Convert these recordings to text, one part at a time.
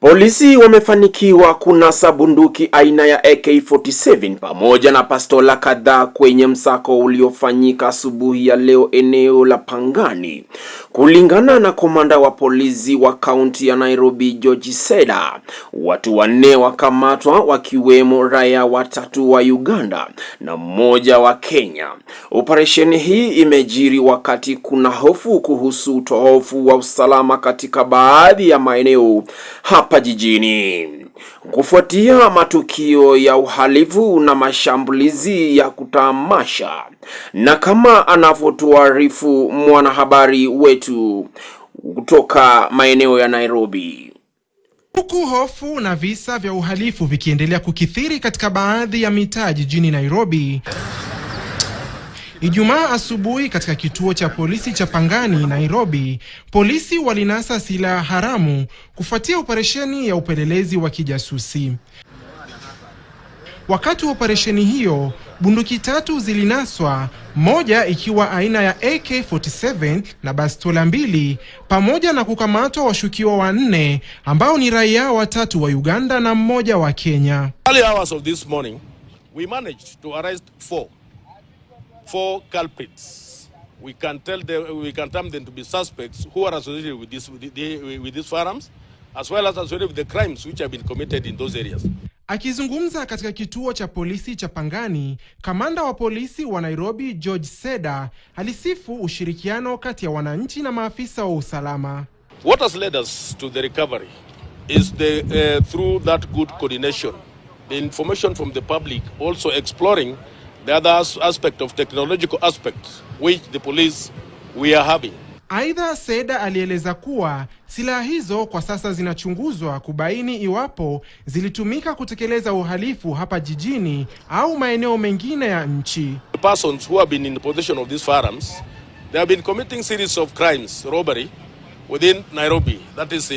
Polisi wamefanikiwa kunasa bunduki aina ya AK47 pamoja na pastola kadhaa kwenye msako uliofanyika asubuhi ya leo eneo la Pangani. Kulingana na komanda wa polisi wa kaunti ya Nairobi, George Seda, watu wanne wakamatwa wakiwemo raia watatu wa Uganda na mmoja wa Kenya. Operesheni hii imejiri wakati kuna hofu kuhusu utohofu wa usalama katika baadhi ya maeneo hapa jijini kufuatia matukio ya uhalifu na mashambulizi ya kutamasha, na kama anavyotuarifu mwanahabari wetu kutoka maeneo ya Nairobi. Huku hofu na visa vya uhalifu vikiendelea kukithiri katika baadhi ya mitaa jijini Nairobi, Ijumaa asubuhi katika kituo cha polisi cha Pangani, Nairobi, polisi walinasa silaha haramu kufuatia operesheni ya upelelezi wa kijasusi. Wakati wa operesheni hiyo, bunduki tatu zilinaswa, moja ikiwa aina ya AK47 na bastola mbili, pamoja na kukamatwa washukiwa wanne ambao ni raia watatu wa Uganda na mmoja wa Kenya. Early hours of this morning, we managed to arrest four four culprits. We can tell them, we can term them to be suspects who are associated with, this, with, the, with these firearms as well as associated with the crimes which have been committed in those areas. Akizungumza katika kituo cha polisi cha Pangani, kamanda wa polisi wa Nairobi George Seda alisifu ushirikiano kati ya wananchi na maafisa wa usalama. What has led us to the recovery is the, uh, through that good coordination. The information from the public also exploring the other aspect of technological aspects which the police we are having. Aidha, Seda alieleza kuwa silaha hizo kwa sasa zinachunguzwa kubaini iwapo zilitumika kutekeleza uhalifu hapa jijini au maeneo mengine ya nchi. The persons who have been in the possession of these firearms, they have been committing series of crimes, robbery within Nairobi. That is uh,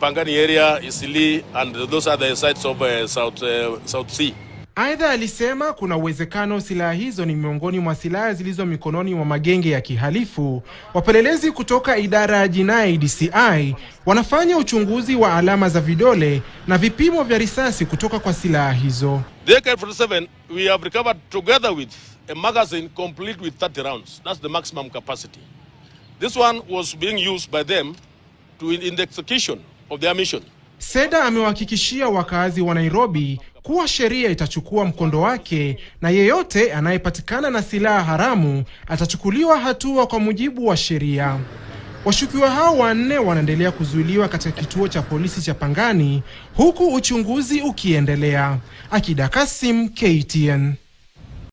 Pangani area, Isili and those other sites of uh, South, uh, South Sea. Aidha, alisema kuna uwezekano silaha hizo ni miongoni mwa silaha zilizo mikononi mwa magenge ya kihalifu. Wapelelezi kutoka idara ya jinai DCI wanafanya uchunguzi wa alama za vidole na vipimo vya risasi kutoka kwa silaha hizo. The AK47 we have recovered together with a magazine complete with 30 rounds. That's the maximum capacity. This one was being used by them to in the execution of their mission. Seda amewahakikishia wakazi wa Nairobi kuwa sheria itachukua mkondo wake na yeyote anayepatikana na silaha haramu atachukuliwa hatua kwa mujibu wa sheria. Washukiwa hao wanne wanaendelea kuzuiliwa katika kituo cha polisi cha Pangani huku uchunguzi ukiendelea. Akida Kasim, KTN.